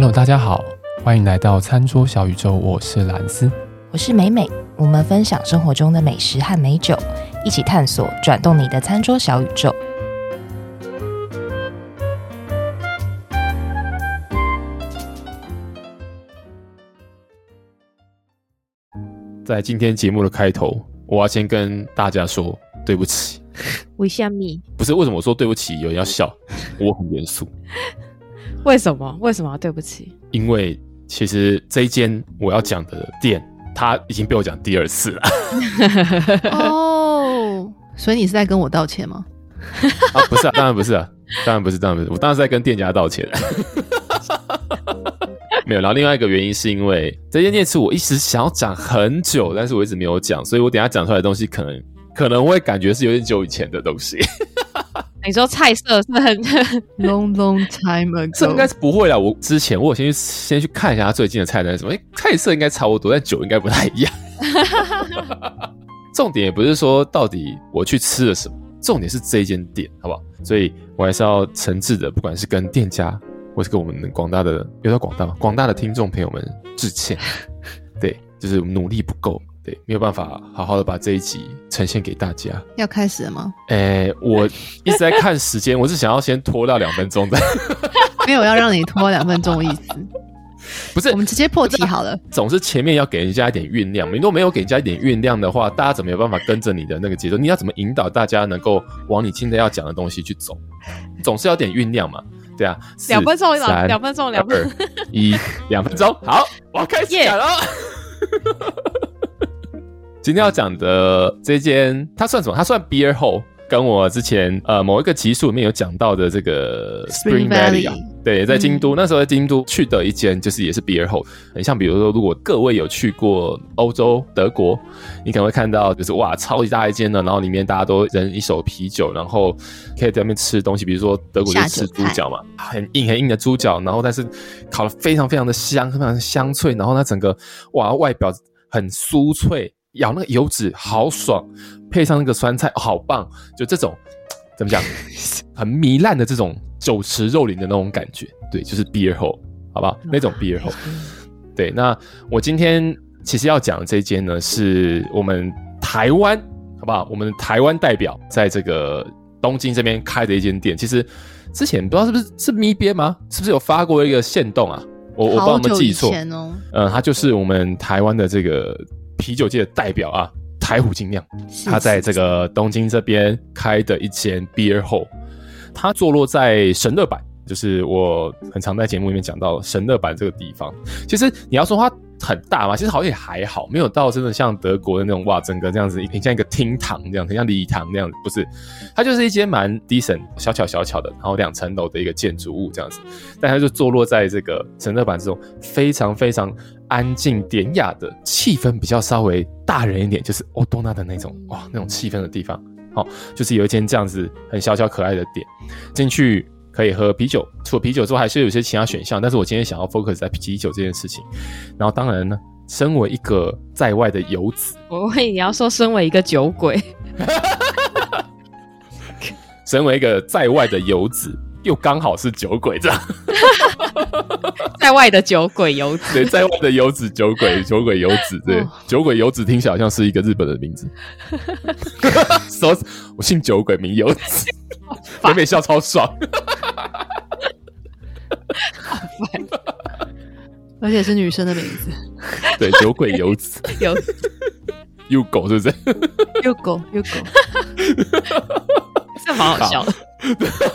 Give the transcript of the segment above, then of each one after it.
Hello，大家好，歡迎來到餐桌小宇宙。我是蘭斯，我是美美。我們分享生活中的美食和美酒，一起探索轉動你的餐桌小宇宙。在今天節目的開頭，我要先跟大家說對不起。為蝦米？不是為什麼？我說對不起，有人要笑，我很嚴肅。 為什麼？為什麼？對不起，因為其實這一間我要講的店，它已經被我講第二次了。哦，所以你是在跟我道歉嗎？ 啊，不是啊，當然不是啊，當然不是，當然不是。我當然是在跟店家道歉。 沒有，然後另外一個原因是因為這間店我一直想要講很久，但是我一直沒有講，所以我等下講出來的東西可能可能會感覺是有點久以前的東西。 你說菜色是，不是很 long long time ago？這應該是不會啦，我之前我有先去先去看一下他最近的菜單是什麼，哎，菜色應該差不多，但酒應該不太一樣。 重點也不是說到底我去吃了什麼，重點是這一間店好不好？所以我還是要誠摯的，不管是跟店家，或是跟我們廣大的，有時候廣大嗎？廣大的聽眾朋友們致歉。對，就是努力不夠。沒有辦法好好的把這一集呈現給大家，要開始了嗎？誒，我一直在看時間， 我是想要先拖到兩分鐘的 沒有要讓你拖兩分鐘的意思， 不是？我們直接破題好了。總是前面要給人家一點醞釀，你 如果沒有給人家一點醞釀的話，大家怎麼有辦法跟着你的那個節奏？你要怎麼引導大家能夠往你今天要講的東西去走？總是有點醞釀嘛，對啊，兩分鐘兩兩分鐘兩分一兩分鐘，分鐘 分鐘 好，我要開始了。Yeah. 今天要講的這間，它算什麼？它算 beer h o l，跟我之前呃某一個集數裡面有講到的這個 Spring Valley，對，在京都、嗯、那時候在京都去的一間，就是也是 beer h o l l，像比如說，如果各位有去過歐洲德國，你可能會看到就是哇，超級大一間的，然後裡面大家都人一手啤酒，然後可以在那面吃東西，比如說德國就吃豬腳嘛，很硬很硬的豬腳，然後但是烤的非常非常的香，非常的香脆，然後它整個哇外表很酥脆。咬那個油脂好爽，配上那個酸菜好棒，就這種，怎麼講，很糜爛的這種酒池肉林的那種感覺，對，就是 Beer Hall 好不好？那種 Beer Hall 對。那我今天其實要講的這間呢，是我們台灣，好不好？我們台灣代表在這個東京這邊開的一間店，其實之前不知道是不是是咪編嗎？是不是有發過一個限動啊？哦、我我幫我們記錯，嗯、呃，它就是我們台灣的這個。啤酒界的代表啊，台虎精釀，是是是他在這個東京這邊開的一間 Beer Hall，它坐落在神樂坂，就是我很常在節目裡面講到神樂坂這個地方。其實你要說它很大嘛，其實好像也還好，沒有到真的像德國的那種哇，整個這樣子，很像一個廳堂這樣，很像禮堂那樣子。不是，它就是一間蠻 decent、小巧小巧的，然後兩層樓的一個建築物這樣子。但它就坐落在這個神樂坂這種非常非常。安靜典雅的氣氛，比較稍微大人一點，就是 Otona 的那種哇那種氣氛的地方。好，齁，就是有一間這樣子很小巧可愛的店，進去可以喝啤酒。除了啤酒之外，還是有些其他選項。但是我今天想要 focus 在啤酒這件事情。然後，當然呢，身為一個在外的遊子，我問你要說，身為一個酒鬼 身為一個在外的遊子，又剛好是酒鬼這樣。 在外的酒鬼遊子，對，在外的遊子酒鬼，酒鬼遊子,、哦、子, 子, 子，對，酒鬼遊子聽起來像是一個日本的名字。我姓酒鬼，名遊子，後面笑超爽，而且是女生的名字。對，酒鬼遊子，遊子又狗是不是？又狗又狗。這好好笑好，對，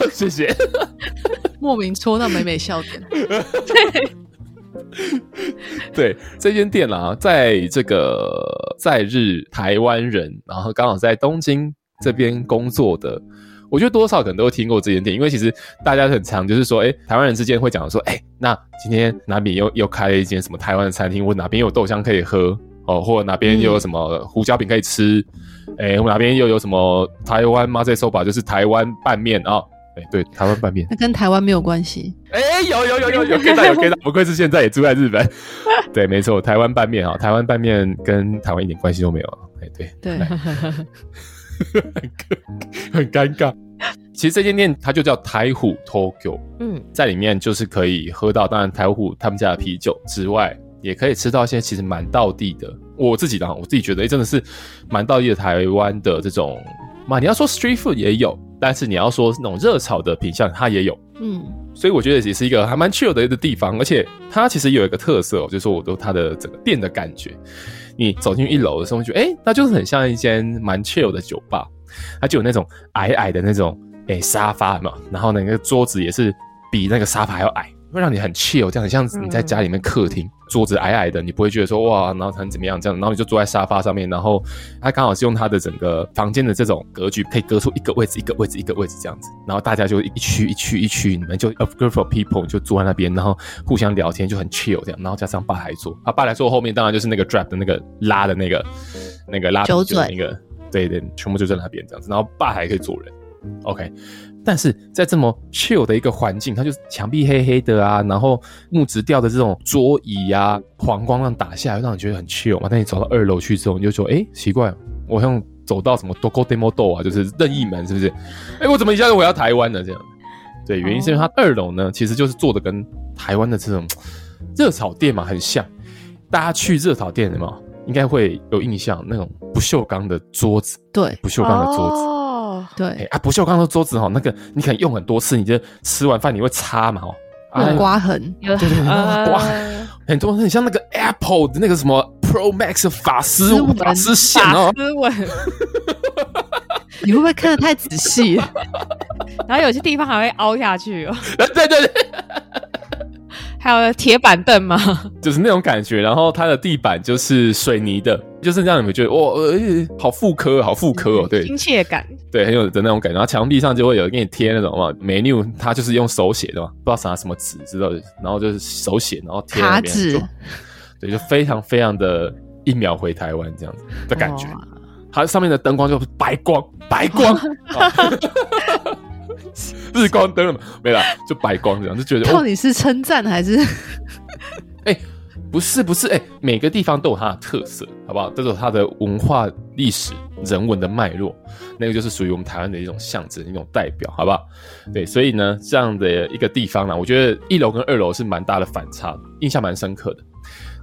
謝謝。 莫名戳到美美笑點。 對，對，這間店啊，在這個在日台灣人，然後剛好在東京這邊工作的，我覺得多少可能都會聽過這間店，因為其實大家很常就是說，哎、欸，台灣人之間會講說，哎、欸，那今天哪邊又又開了一間什麼台灣的餐廳，我哪邊有豆漿可以喝。哦，或者哪邊又有什麼胡椒餅可以吃？哎、嗯，我們哪邊又有什麼台灣 mazesoba 就是台灣拌麵啊？誒、哦、對，台灣拌麵。那跟台灣沒有關係？哎，有有有有有，有可以的，可以的。 不愧是現在也住在日本。對，沒、哦、錯， 台灣拌麵啊，台灣拌麵跟台灣一點關係都沒有啊。哎，對，對，對 很尷尬。其實這間店它就叫台虎 Tokyo，嗯，在裡面就是可以喝到，當然台虎他們家的啤酒之外。也可以吃到，一些其實蠻道地的。我自己的，我自己覺得，哎、欸，真的是蠻道地的台灣的這種。嘛，你要說 street food 也有，但是你要說那種熱炒的品項，它也有。嗯，所以我覺得也是一個還蠻 chill 的一個地方。而且它其實有一個特色、喔，就是說，我都它的整個店的感覺。你走進一樓的時候，覺得，哎、欸，那就是很像一間蠻 chill 的酒吧。它就有那種矮矮的那種哎、欸、沙發嘛，然後呢那個桌子也是比那個沙發還要矮。會讓你很 chill，這樣，像你在家裡面客廳，桌、嗯、子矮矮的，你不會覺得說哇，然後很怎麼樣這樣，然後你就坐在沙發上面，然後他剛好是用他的整個房間的這種格局，可以隔出一個位置、一個位置、一個位置這樣子，然後大家就一區、一區、一區，你們就 a group of people 就坐在那邊，然後互相聊天就很 chill 這樣，然後加上吧台坐，他、啊、吧台坐後面，當然就是那個 draft 的那個拉的那個、嗯、那個拉酒那個對，對對，全部就在那邊這樣子，然後吧台可以坐人。OK，但是在這麼 chill 的一個環境，它就是牆壁黑黑的啊，然後木質調的這種桌椅啊，黃光讓打下來，讓你覺得很 chill 嘛。但你走到二樓去之後，你就說：“哎、欸，奇怪，我好像走到什麼 doko demo door 啊，就是任意門，是不是？哎、欸，我怎麼一下子回到台灣了這樣？對，原因是因為它二樓呢，其實就是做的跟台灣的這種熱炒店嘛很像。大家去熱炒店的嘛，應該會有印象，那種不鏽鋼的桌子，對，不鏽鋼的桌子。Oh ”對、欸、啊，不鏽鋼的桌子哦，那個你可能用很多次，你就吃完飯你會擦嘛哦，啊、用刮痕，有很、呃、刮痕很多次，像那個 Apple 的那個什麼 Pro Max 的髮絲髮絲紋哦，髮、髮 你會不會看的太仔細？ 然後有些地方還會凹下去哦。對、啊、對，對對 還有鐵板凳嘛，就是那種感覺。然後它的地板就是水泥的，就是讓你們覺得哇、哦呃，好複刻，好複刻哦。對，嗯、親切感。對，很有的那種感覺，然後牆壁上就會有給你貼那種嘛 Menu，他就是用手寫的嘛，不知道啥什麼紙知道，然後就是手寫，然後貼卡紙，對，就非常非常的一秒回台灣這樣子的感覺，它上面的燈光就是白光白光，白光啊、 日光燈嘛，沒了就白光這樣，就覺得就哦，到底你是稱讚還是？欸不是不是，哎、欸，每個地方都有它的特色，好不好？都有它的文化、歷史、人文的脈絡，那個就是屬於我們台灣的一種象徵、一種代表，好不好？對，所以呢，這樣的一個地方呢，我覺得一樓跟二樓是蠻大的反差的，印象蠻深刻的。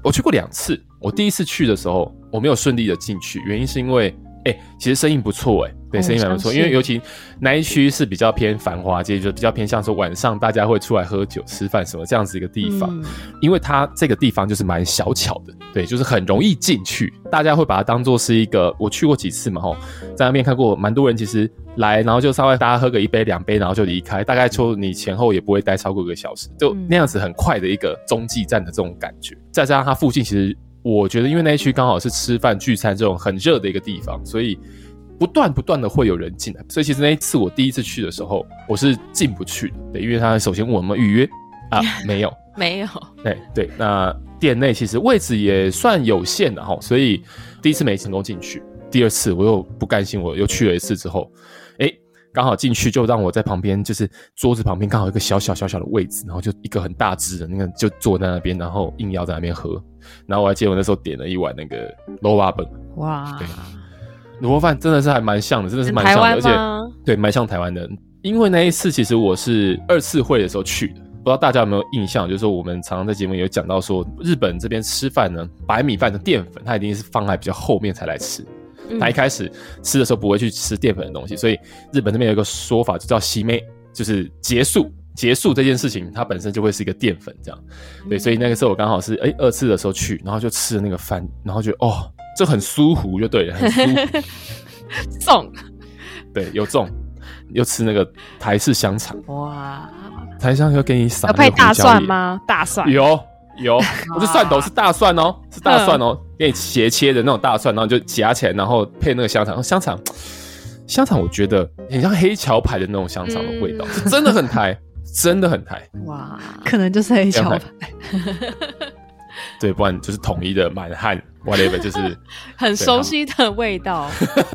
我去過兩次，我第一次去的時候我沒有順利的進去，原因是因為，哎、欸，其實生意不錯、欸，哎。對，生意蠻不錯，因為尤其那一區是比較偏繁華街，就比較偏向說晚上大家會出來喝酒、吃飯什麼這樣子一個地方。嗯、因為它這個地方就是蠻小巧的，對，就是很容易進去、嗯。大家會把它當做是一個，我去過幾次嘛，吼，在那邊看過蠻多人，其實來然後就稍微大家喝個一杯、兩杯，然後就離開，大概說，你前後也不會待超過一個小時，就那樣子很快的一個中繼站的這種感覺。再加上它附近，其實我覺得因為那一區剛好是吃飯聚餐這種很熱的一個地方，所以。不斷不斷的會有人進來，所以其實那一次我第一次去的時候，我是進不去的，對，因為他首先問我們預約啊，沒有， 沒有，對對，那店內其實位置也算有限的哈，所以第一次沒成功進去，第二次我又不甘心，我又去了一次之後，哎、欸，剛好進去就讓我在旁邊，就是桌子旁邊剛好一個小小小小的位子，然後就一個很大只的那個就坐在那邊，然後硬要在那邊喝，然後我還記得我那時候點了一碗那個魯肉飯，哇。魯肉飯真的是還蠻像的，真的是蠻像的，而且對蠻像台灣的。因為那一次其實我是二次會的時候去的，不知道大家有沒有印象？就是說我們常常在節目有講到說，日本這邊吃飯呢，白米飯的澱粉它一定是放在比較後面才來吃。它一開始吃的時候不會去吃澱粉的東西、嗯，所以日本這邊有一個說法就叫“しめ”，就是結束結束這件事情，它本身就會是一個澱粉這樣、嗯。對，所以那個時候我剛好是誒、欸、二次的時候去，然後就吃了那個飯，然後就哦。這很舒服，就對了，很鬆。 對，有重，又吃那個台式香腸。哇！台上又給你撒，要配大蒜嗎？大蒜有有，不是蒜頭，是大蒜哦，喔，是大蒜哦，喔，給你斜切的那種大蒜，然後就夾起來，然後配那個香腸。香腸，香腸，我覺得很像黑橋牌的那種香腸的味道，嗯，是真的很台，真的很台。哇！可能就是黑橋牌。 對，不然就是統一的滿漢我那本，whatever, 就是很熟悉的味道，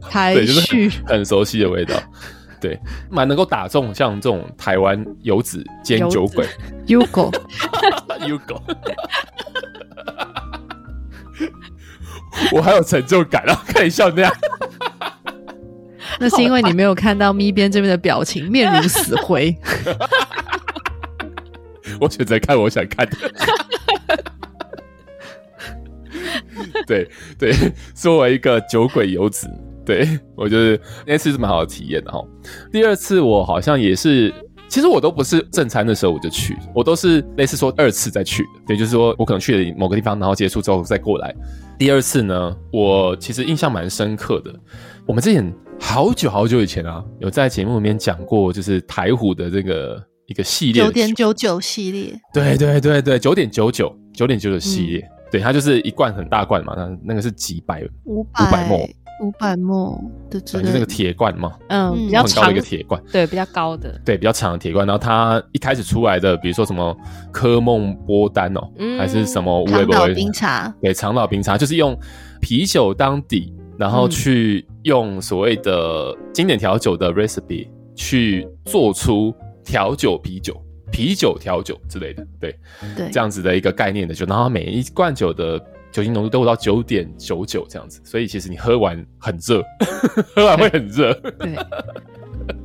排 序很熟悉的味道，對，蠻、就是、能夠打中像這種台灣游子兼酒鬼，Ugo，Ugo， 我還有成就感，然後可以像那樣。 那是因為你沒有看到咪邊這邊的表情，面如死灰。 我選擇看我想看的。對對，作為一個酒鬼遊子，對，我就是，那次是蠻好的體驗的哈、哦。第二次我好像也是，其實我都不是正餐的時候我就去，我都是類似說二次再去。也就是說我可能去了某個地方，然後結束之後再過來。第二次呢，我其實印象蠻深刻的。我們之前好久好久以前啊，有在節目裡面講過，就是台虎的這個一個系列，九點九九系列，對對對對，九點九九九點九九系列。嗯對，它就是一罐很大罐嘛，那那個是幾百五百五百 ml，五百 ml 的，對對對，就是那個鐵罐嘛，嗯，比較高的一個鐵罐、嗯，對，比較高的，對，比較長的鐵罐。然後它一開始出來的，比如說什麼科夢波丹哦，um, 還是什麼烏威伯冰茶，對，長島冰茶，就是用啤酒當底，然後去用所謂的經典調酒的 recipe、嗯、去做出調酒啤酒。啤酒、調酒之類的，對，這樣子的一個概念的酒，然後每一罐酒的酒精濃度都到九點九九這樣子，所以其實你喝完很熱， 喝完會很熱， 對，對，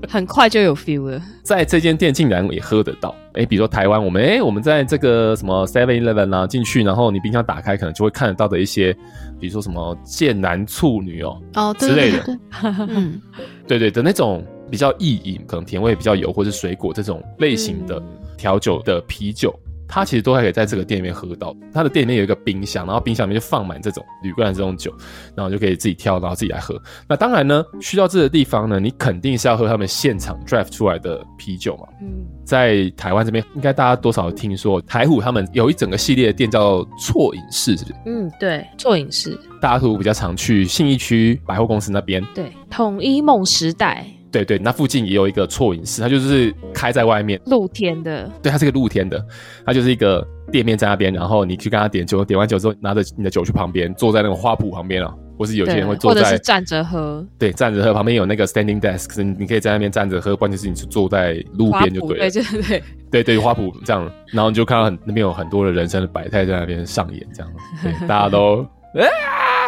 很快就有 feel 了。在這間店竟然也喝得到，哎，比如說台灣，我們哎、欸，我們在這個什麼 Seven Eleven 啊，進去然後你冰箱打開，可能就會看得到的一些，比如說什麼賤男處女哦，哦之類的， 嗯，對對的那種。比較易飲，可能甜味比較油，或是水果這種類型的調酒的啤酒、嗯，它其實都還可以在這個店裡面喝到。它的店裡面有一個冰箱，然後冰箱裡面就放滿這種鋁罐的這種酒，然後就可以自己挑，然後自己來喝。那當然呢，去到這個地方呢，你肯定是要喝他們現場 draft 出來的啤酒嘛。嗯，在台灣這邊，應該大家多少聽說台虎他們有一整個系列的店叫做啜飲室是不是？嗯，對，啜飲室，大家都比較常去信義區百貨公司那邊，對，統一夢時代。對對，那附近也有一個錯影室，它就是開在外面，露天的。對，它是個露天的，它就是一個店面在那邊，然後你去跟他點酒，點完酒之後，拿着你的酒去旁邊，坐在那個花圃旁邊哦、啊，或是有些人會坐在，或者是站着喝。對，站着喝，旁邊有那個 standing desk，你你可以在那邊站着喝，關鍵是你是坐在路邊就對了。對對對，對，對花圃這樣，然後你就看到很那邊有很多的人生的百態在那邊上演，這樣，對，大家都。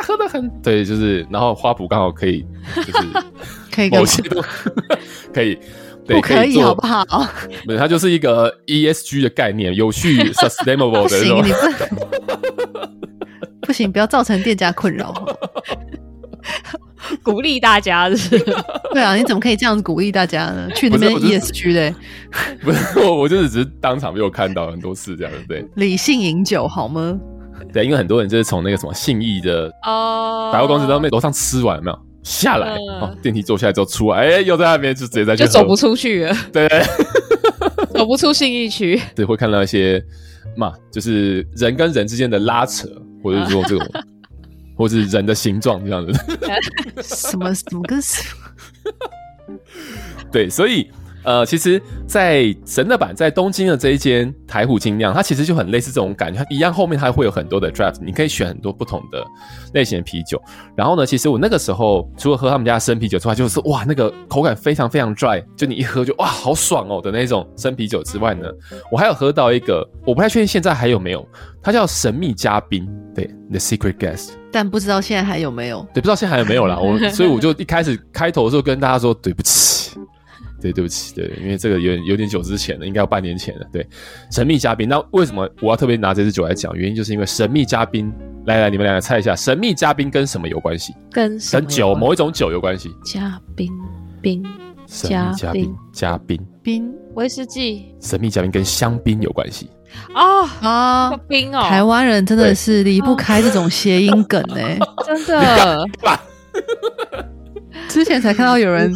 喝得很對，就是然後花圃剛好可以，就是 可以夠幹吃， 可以不可以好不好不？它就是一個 E S G 的概念，有序 sustainable，的。行， 不行，不要造成店家困擾， 鼓勵大家、就是， 對啊，你怎麼可以這樣鼓勵大家呢？去那邊 E S G 的不是我，我就是只 是、就是 是就是、當場沒有看到很多次這樣子，對不對？ 理性飲酒好嗎？對，因為很多人就是從那個什麼信義的百貨公司那邊，uh... 樓上吃完有沒有下來哦，uh... 電梯坐下來之後出來，哎，又在那邊就直接在就走不出去了，對， 走不出信義區，對，會看到一些嘛，就是人跟人之間的拉扯，或者說這種，個，uh... 或者是人的形狀這樣子， 什麼跟什麼，對，所以。呃，其實，在神樂坂，在東京的這一間台虎精釀，它其實就很類似這種感覺，它一樣後面它會有很多的 draft，你可以選很多不同的類型的啤酒。然後呢，其實我那個時候除了喝他們家的生啤酒之外，就是哇，那個口感非常非常 dry，就你一喝就哇，好爽哦的那種生啤酒之外呢，我還有喝到一個，我不太確定現在還有沒有，它叫神秘嘉檳，對，the secret guest，但不知道現在還有沒有，對，不知道現在還有沒有啦，我所以我就一開始開頭的時候跟大家說對不起。對，對不起，對，對，因為這個有點有點久之前了，應該有半年前了。對，神秘嘉賓，那為什麼我要特別拿這支酒來講？原因就是因為神秘嘉賓，來來，來，你們倆來猜一下，神秘嘉賓跟什，跟什麼有關係？跟酒，某一種酒有關係？神秘嘉賓加加加加冰，嘉賓嘉賓冰威士忌，神秘嘉賓跟香檳有關係啊啊！冰哦，台灣人真的是離不開這種諧音梗哎、欸，oh. 真的。 之前才看到有人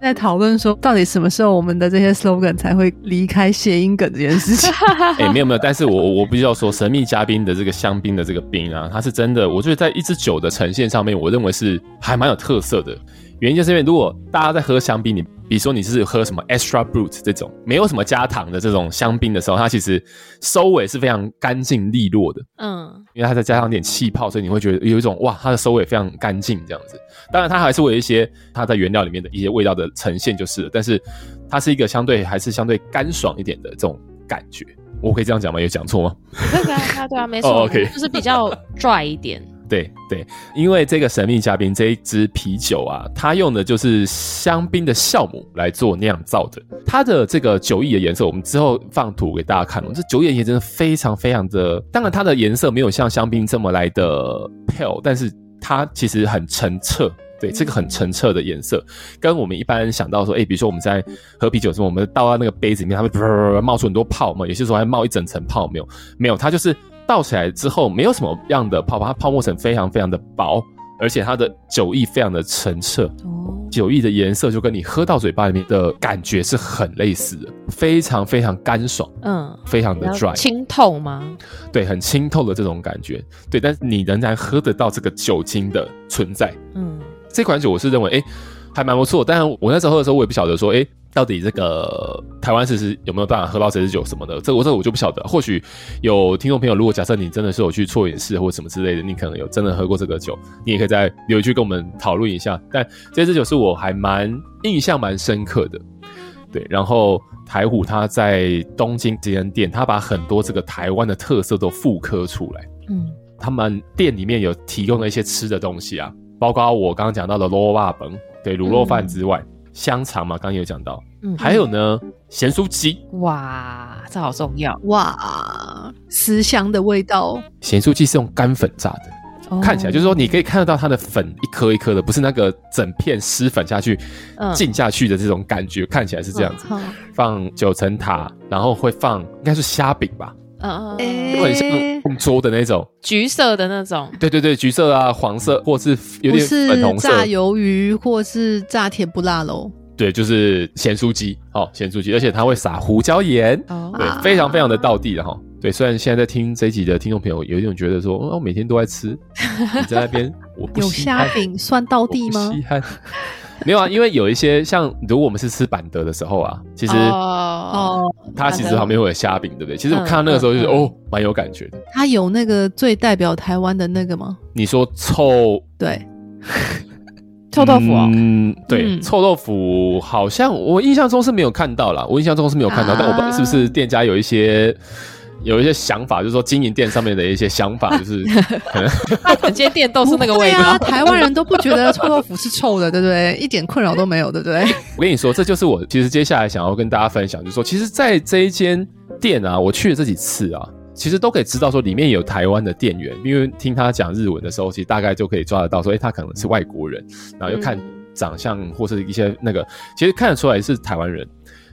在討論說，到底什麼時候我們的這些 slogan 才會離開諧音梗這件事情？哎，沒有沒有，但是我我不知道說，神秘嘉賓的這個香檳的這個冰啊，它是真的。我覺得在一支酒的呈現上面，我認為是還蠻有特色的。原因就是因為如果大家在喝香檳，你。比如說你是喝什麼 Extra Brut 這種沒有什麼加糖的這種香檳的時候，它其實收尾是非常乾淨利落的。嗯，因為它再加上點氣泡，所以你會覺得有一種哇，它的收尾非常乾淨這樣子。當然，它還是會有一些它在原料裡面的一些味道的呈現，就是了。但是它是一個相對還是相對乾爽一點的這種感覺，我可以這樣講嗎？有講錯嗎？對啊對啊，沒錯，OK，就是比較 dry 一點。對對，因為這個神秘嘉檳這一支啤酒啊，它用的就是香檳的酵母來做釀造的。它的這個酒液的顏色，我們之後放圖給大家看。這酒液顏色真的非常非常的，當然它的顏色沒有像香檳這麼來的 pale，但是它其實很澄澈。對，這個很澄澈的顏色，跟我們一般想到說，哎，比如說我們在喝啤酒的時候，我們倒到那個杯子裡面，它會噗噗冒出很多泡嘛，有些時候還冒一整層泡，沒有沒有，它就是。倒起來之後沒有什麼樣的泡泡，它泡沫層非常非常的薄，而且它的酒液非常的澄澈，哦、酒液的顏色就跟你喝到嘴巴裡面的感覺是很類似的，非常非常乾爽，嗯，非常的 dry，清透嗎？對，很清透的這種感覺，對，但是你仍然喝得到這個酒精的存在，嗯，這款酒我是認為，哎，還蠻不錯，當然我那時候喝的時候我也不曉得說，哎。到底這個台灣是有沒有辦法喝到這支酒什麼的？這個、我這個、我就不曉得。或許有聽眾朋友，如果假設你真的是有去錯飲試或什麼之類的，你可能有真的喝過這個酒，你也可以再留一句跟我們討論一下。但這支酒是我還蠻印象蠻深刻的。對，然後台虎他在東京這間店，他把很多這個台灣的特色都復刻出來。嗯，他們店裡面有提供了一些吃的東西啊，包括我剛剛講到的滷肉飯，對，滷肉飯之外。嗯香腸嘛，剛剛也有講到，嗯，還有呢，鹹酥雞，哇，這好重要，哇，思鄉的味道。鹹酥雞是用乾粉炸的。哦，看起來就是說你可以看得到它的粉一顆一顆的，不是那個整片濕粉下去，嗯、浸下去的這種感覺，看起來是這樣子。嗯嗯、放九層塔，然後會放，應該是蝦餅吧。嗯、uh, 欸，就很像碰桌的那種，橘色的那種，對對對，橘色啊，黃色或是有點粉紅色，是炸魷魚或是炸甜不辣嘍，對，就是鹹酥雞哦，鹹酥雞，而且它會撒胡椒鹽，uh. 對，非常非常的道地的哈，哦 uh. 對，雖然現在在聽這一集的聽眾朋友有一種覺得說，哦、嗯，每天都在吃，你在那邊， 有蝦餅算道地嗎？我不稀罕。沒有啊，因為有一些像，如果我們是吃板德的時候啊，其實哦，它其實旁邊會有蝦餅，對不對？嗯、其實我看到那個時候就是、嗯嗯、哦，蠻有感覺的。它有那個最代表台灣的那個嗎？你說臭對、嗯、臭豆腐啊？嗯，對，臭豆腐好像我印象中是沒有看到啦。我印象中是沒有看到，嗯、但我不知道是不是店家有一些？有一些想法，就是說經營店上面的一些想法，就是，可能整間店都是那個味道對啊。台灣人都不覺得臭豆腐是臭的， 對不對？一點困擾都沒有，對不對？我跟你說，這就是我其實接下來想要跟大家分享，就是說，其實，在這一間店啊，我去了這幾次啊，其實都可以知道說，裡面有台灣的店員，因為聽他講日文的時候，其實大概就可以抓得到，說，誒、欸，他可能是外國人，然後又看長相或是一些那個，嗯、其實看得出來是台灣人。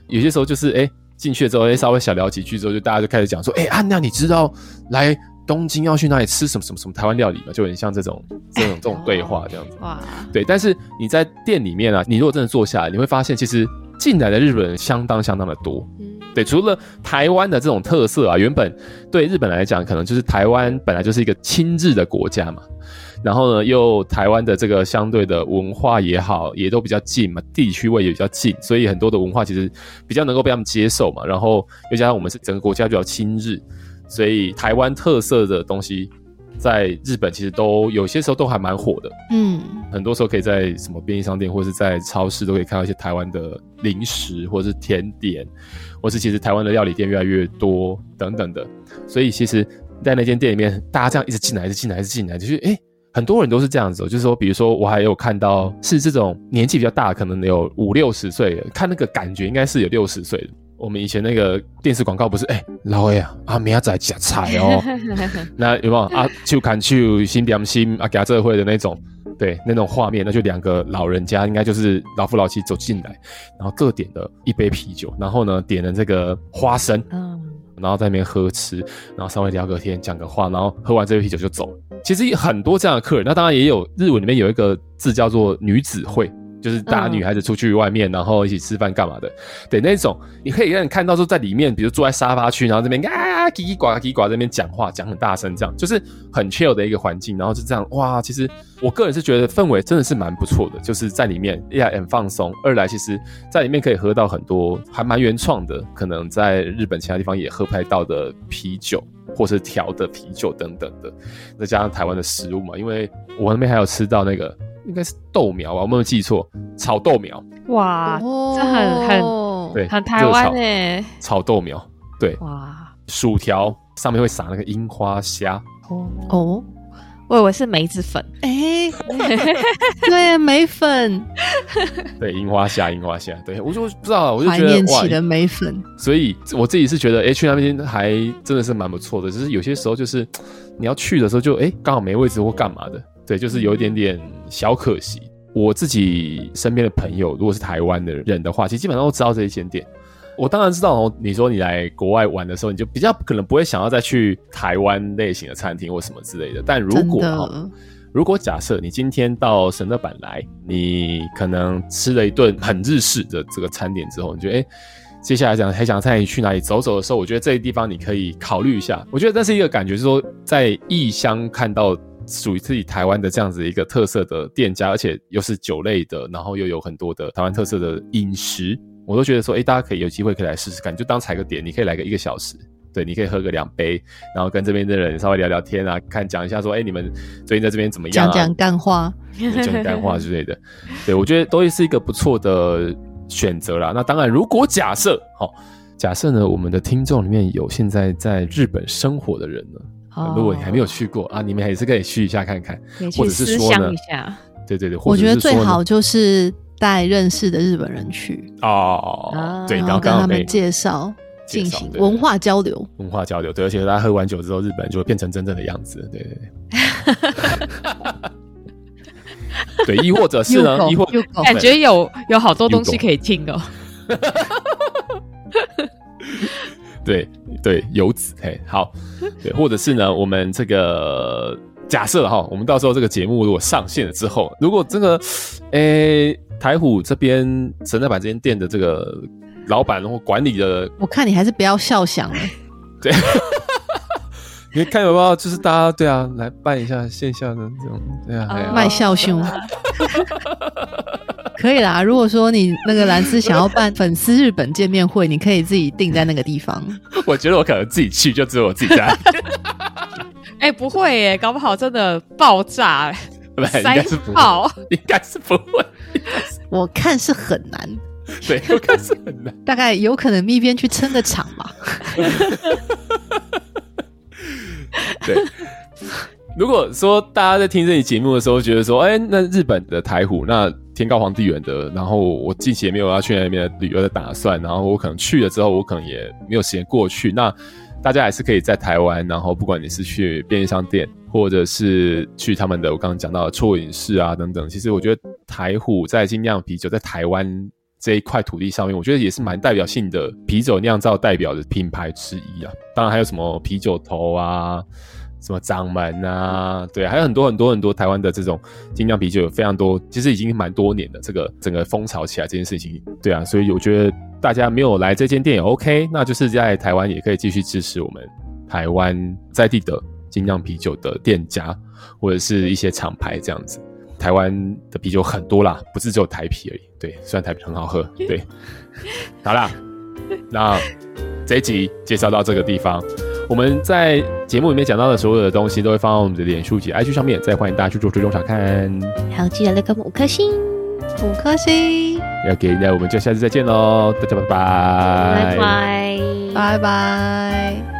有些時候就是，誒、欸進去之後，誒，稍微小聊幾句之後，就大家就開始講說，哎、欸，安、啊、娜，你知道來東京要去哪裡吃什麼什麼什麼台灣料理嗎？就很像這種這種、欸、這種對話這樣子、哦。哇，對。但是你在店裡面啊，你如果真的坐下來，你會發現，其實進來的日本人相當相當的多。嗯對，除了台灣的這種特色啊，原本對日本來講，可能就是台灣本來就是一個親日的國家嘛。然後呢，又台灣的這個相對的文化也好，也都比較近嘛，地區位也比較近，所以很多的文化其實比較能夠被他們接受嘛。然後又加上我們是整個國家比較親日，所以台灣特色的東西。在日本，其實都有些時候都還蠻火的，嗯，很多時候可以在什麼便利商店或是在超市都可以看到一些台灣的零食或者是甜點，或是其實台灣的料理店越來越多等等的，所以其實在那間店裡面，大家這樣一直進來，一直進來，一直進來，就是誒，很多人都是這樣子哦，就是說，比如說我還有看到是這種年紀比較大，可能有五六十歲的，看那個感覺應該是有六十歲的。我們以前那個電視廣告不是哎、欸、老哎啊，啊明仔食菜哦， 那有沒有？啊就看就新點新啊家這會的那種對，那種畫面，那就兩個老人家應該就是老夫老妻走進來，然後各點了一杯啤酒，然後呢點了這個花生。嗯、然後在那邊喝吃，然後稍微聊個天講個話，然後喝完這杯啤酒就走。其實有很多這樣的客人，那當然也有日文裡面有一個字叫做女子會。就是搭女孩子出去外面、嗯，然後一起吃飯幹嘛的？對，那種你可以讓人看到說，在裡面，比如坐在沙發區，然後這邊啊嘰嘰呱嘰呱這邊講話，講很大聲，這樣就是很 chill 的一個環境。然後就這樣，哇，其實我個人是覺得氛圍真的是蠻不錯的。就是在裡面，一來很放鬆，二來其實在裡面可以喝到很多還蠻原創的，可能在日本其他地方也喝不太到的啤酒，或是調的啤酒等等的。再加上台灣的食物嘛，因為我那邊還有吃到那個。應該是豆苗吧，我沒有記錯，炒豆苗。哇，哦、這很很對，很台灣呢、這個。炒豆苗，對。哇，薯條上面會撒那個櫻花蝦。哦哦，我以為是梅子粉。哎、欸， 對，梅粉。 對，櫻花蝦，櫻花蝦。對，我就不知道，我就覺得懷念起了梅粉。所以我自己是覺得、欸、去那邊還真的是蠻不錯的，只是有些時候就是你要去的時候就哎剛、欸、好沒位置或幹嘛的。對，就是有一點點小可惜。我自己身邊的朋友，如果是台灣的人的話，其實基本上都知道這一間店。我當然知道哦，你說你來國外玩的時候，你就比較可能不會想要再去台灣類型的餐廳或什麼之類的。但如果，哦、如果假設你今天到神樂坂來，你可能吃了一頓很日式的這個餐點之後，你覺得哎、欸，接下來想還想再去哪裡走走的時候，我覺得這些地方你可以考慮一下。我覺得這是一個感覺，是說在異鄉看到。屬於自己台灣的這樣子一個特色的店家，而且又是酒類的，然後又有很多的台灣特色的飲食，我都覺得說，哎、欸，大家可以有機會可以來試試看，就當踩個點，你可以來個一個小時，對，你可以喝個兩杯，然後跟這邊的人稍微聊聊天啊，看講一下說，哎、欸，你們最近在這邊怎麼樣、啊？講講幹話，講幹話之類的， 對，我覺得都也是一個不錯的選擇啦。那當然，如果假設，好、哦，假設呢，我們的聽眾裡面有現在在日本生活的人呢？如果你還沒有去過、哦、啊，你們還是可以去一下看看，下或者是說呢？對對對，我覺得最好就是帶認識的日本人去、嗯、哦，對，然後跟他們介紹，進行文化交流，文化交流。對，而且大家喝完酒之後，日本人就會變成真正的樣子。對對對。 對，亦或者是呢？亦或、Yugo. 感覺有有好多東西可以聽哦。 對。對，遊子嘿，好，對，或者是呢， 我們這個假設哈，我們到時候這個節目如果上線了之後，如果這個，誒、欸，台虎這邊神樂坂這間店的這個老闆然後管理的，我看你還是不要笑想了，對， 你看有沒有就是大家對啊，來辦一下線下的這種對啊，賣、oh, 哎 oh. 笑兄。 可以啦，如果說你那個蘭斯想要辦粉絲日本見面會， 你可以自己定在那個地方。我覺得我可能自己去，就只有我自己在。哎、 欸，不會耶，搞不好真的爆炸，塞爆，應該是不會。不會 我看是很難，對，我看是很難， 大概有可能咪編去撐個場嘛。 對。如果說大家在聽這期節目的時候覺得說，哎，那日本的台虎，那天高皇帝遠的，然後我近期也沒有要去那邊旅遊的打算，然後我可能去了之後，我可能也沒有時間過去。那大家還是可以在台灣，然後不管你是去便利商店，或者是去他們的我剛剛講到的啜飲室啊、等等，其實我覺得台虎在精釀啤酒在台灣這一塊土地上面，我覺得也是蠻代表性的啤酒釀造代表的品牌之一啊。當然還有什麼啤酒頭啊。什麼掌門啊？對，還有很多很多很多台灣的這種精釀啤酒，有非常多，其實已經蠻多年的這個整個風潮起來這件事情，對啊，所以我覺得大家沒有來這間店也 OK，那就是在台灣也可以繼續支持我們台灣在地的精釀啤酒的店家或者是一些廠牌這樣子。台灣的啤酒很多啦，不是只有台啤而已。對，雖然台啤很好喝。對，好啦，那這一集介紹到這個地方。我們在節目裡面講到的所有的東西，都會放到我們的臉書及 IG 上面，再歡迎大家去做追蹤查看。好，記得那個五顆星，五顆星。OK，那我們就下次再見嘍，大家拜拜，拜拜，拜拜。拜拜拜拜。